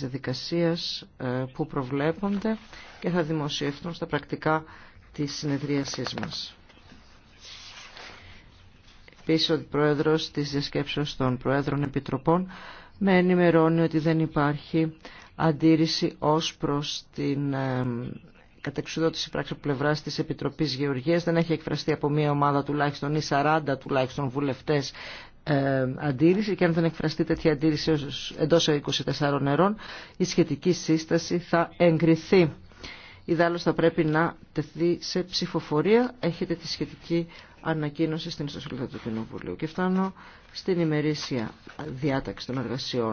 της διαδικασίας ε, που προβλέπονται και θα δημοσιευτούν στα πρακτικά της συνεδρίασής μας. Επίση ο Πρόεδρος της Διασκέψεως των Προέδρων Επιτροπών με ενημερώνει ότι δεν υπάρχει αντίρρηση ως προς την ε, κατεξουδότηση πράξη πλευρά τη Επιτροπή Γεωργία. Δεν έχει εκφραστεί από μία ομάδα τουλάχιστον ή 40 τουλάχιστον βουλευτέ ε, αντίρρηση και αν δεν εκφραστεί τέτοια αντίρρηση εντό 24 ερών η σχετική σύσταση θα εγκριθεί. Ιδάλω θα πρέπει να τεθεί σε ψηφοφορία. Έχετε τη σχετική ανακοίνωση στην ιστοσελίδα του Κοινοβουλίου. Και φτάνω στην ημερήσια διάταξη των εργασιών.